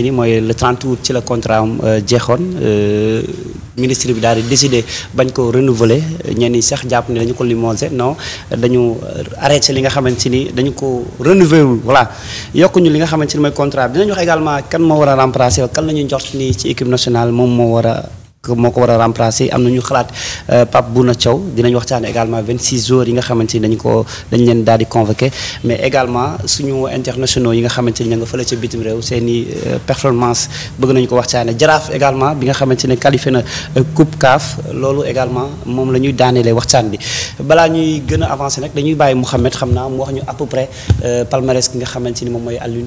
ci ni mooy le 30 août ci la contrat am euh, jeexoon euh, ministre bi daal di décider bañ ko renouveler ñenn ñi sax jàpp ne dañu ko limogé non dañu arrêté li nga xamante ni dañu ko renouveler wul voilà yokkuñu li nga xamante ni mooy contrat bi dinañu wax également kan moo war a remplacer kan la ñuy njort ni ci équipe nationale moom moo war moo ko war a remplacer am na ñu xalaat euh, Pape Bouna Thiaw dinañ waxtaane également 26 jours yi nga xamante ni dañ ko dañ leen daal di convoqué mais également suñu internationaux yi nga xamante ni ña nga fële ca bitim réew seen i euh, performance bëgg nañu ko waxtaane jaraaf également bi nga xamante ne qualifié na euh, coupe CAF loolu également moom la ñuy daanelee waxtaan bi balaa ñuy gën a avancé nag dañuy bàyyi Mouhamed xam naa mu wax ñu à peu près palmarès ki nga xamante ni moom mooy Aliou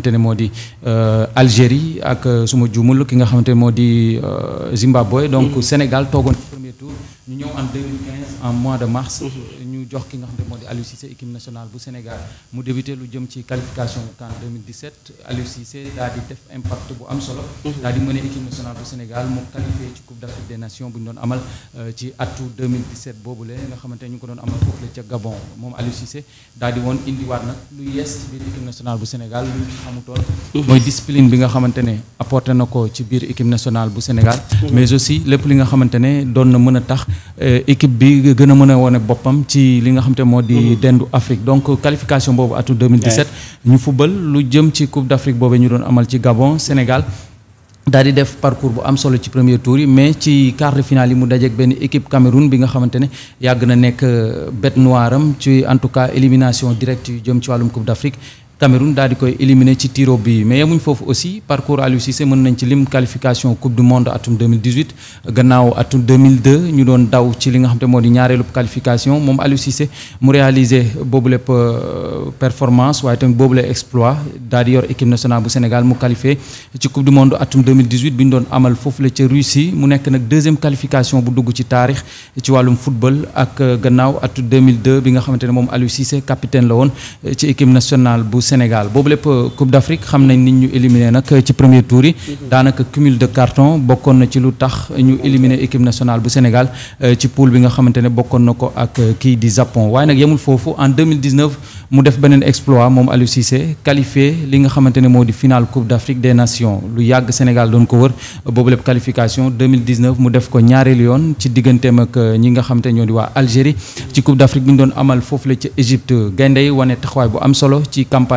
xamante ne moo di euh, Algérie ak euh, suma juumul ki nga xamante ne moo di euh, Zimbabwe donc mm. Sénégal toogoon ci premier tour ñu ñëw en 2015 en mois de mars. Mhm. ñu jox ki nga xam moo di Aliou Cissé nationale bu Sénégal mais aussi lépp li nga xamante doon na mën a tax. Euh, Euh, équipe bi gën a mën a wone boppam ci li nga xam te moo di mm-hmm. dendu Afrique donc qualification boobu atu 2017 ñu fubal lu jëm ci coupe d'Afrique boobu ñu doon amal ci Gabon Sénégal daal di def parcours bu am solo ci premier tour yi mais ci quart de finale yi mu dajeek benn équipe Cameroun bi nga xamante ne yàgg na nekk euh, bête noire am ci en tout cas élimination directe yu jëm ci wàllum Coupe d'Afrique Cameroun daal di koy éliminer ci tiro bi mais yemuñ foofu aussi parcours Aliou mën nañ ci lim qualification coupe du monde atum gannaaw atum ñu doon daw ci li nga xam di ñaareelu qualification moom Aliou Cissé mu réaliser boobu lépp euh, performance waaye tamit boobu la exploit daal di yor équipe nationale bu Sénégal mu qualifié ci coupe du monde atum 2018 bi ñu doon amal foofu la ca Russie mu nekk nag deuxième qualification bu dugg ci taarix ci wàllum football ak euh, gannaaw atum bi nga la euh, Sénégal boobu lépp euh, Coupe d'Afrique xam nañ ni ñu éliminé nag ci premier tour yi mhm. daanaka cumul de carton bokkoon na ci lu tax ñu éliminé équipe nationale bu Sénégal euh, ci poule bi nga xamante ne na ko ak euh, kii di Japon waaye nag yemul foofu en 2019 mu def beneen exploit moom Aliou Cissé qualifié li nga xamante moo di finale Coupe d'Afrique des Nations lu yàgg Sénégal doon ko wër boobu lépp qualification mu def ko ñaareelu yoon ci digganteem ak ne ñoo di waa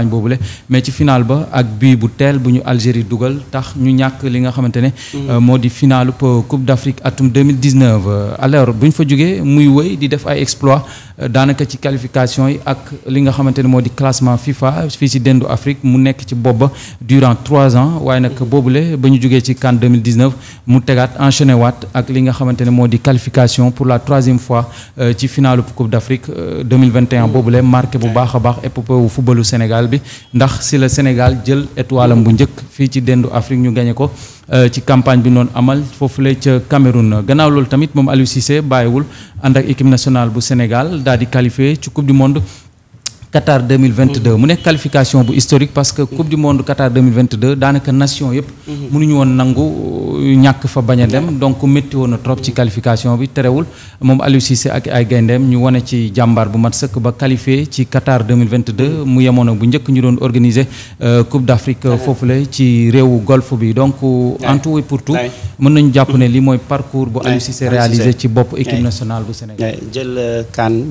campagne boobule mais ci final ba ak bii bu teel bu ñu Algérie dugal tax ñu ñàkk li nga xamante ne mm. euh, moo di finalu Coupe d'Afrique atum 2019 euh, alors bu ñu fa jógee muy wëy di def ay exploit Euh, daanaka ci qualification yi ak li nga xamante ne moo di classement FIFA fii si dendu Afrique mu nekk ci bopp ba durant trois ans waaye nag boobule ba ñu jógee ci CAN 2019 mu tegaat enchaîné waat ak li nga xamante ne moo di qualification pour la troisième fois euh, ci finalu Coupe d'Afrique 2021 euh, boobule marqué bu baax a baax épopée wu footballu Sénégal bi ndax si la Sénégal jël étoile bu njëkk fii ci dendu Afrique ñu gagné ko Euh, ci campagne bi noonu amal foofu foofule ca Cameroun gannaaw loolu tamit moom Aliou Cissé bàyyiwul ànd ak équipe national bu Sénégal daal di qualifié ci coupe du monde. Qatar 2022 mm-hmm. mu nekk qualification bu historique parce que coupe du monde Qatar 2022 daanaka nation yëpp mm-hmm. ñu woon nangu euh, ñàkk fa bañ a dem donc métti woon na trop ci qualification bi terewul moom Aliou ak ay gayndeem ñu wane ci jàmbaar bu mat sëkk ba qualifié ci Qatar 2022 mm-hmm. mu yemoon bu njëkk ñu doon organiser euh, coupe d'Afrique foofule ci réewu golfe bi donc euh, en pour tout mën nañu jàpp ne li mooy parcours bu Aliou Cissé ci bopp équipe nationale bu Sénégal jël kan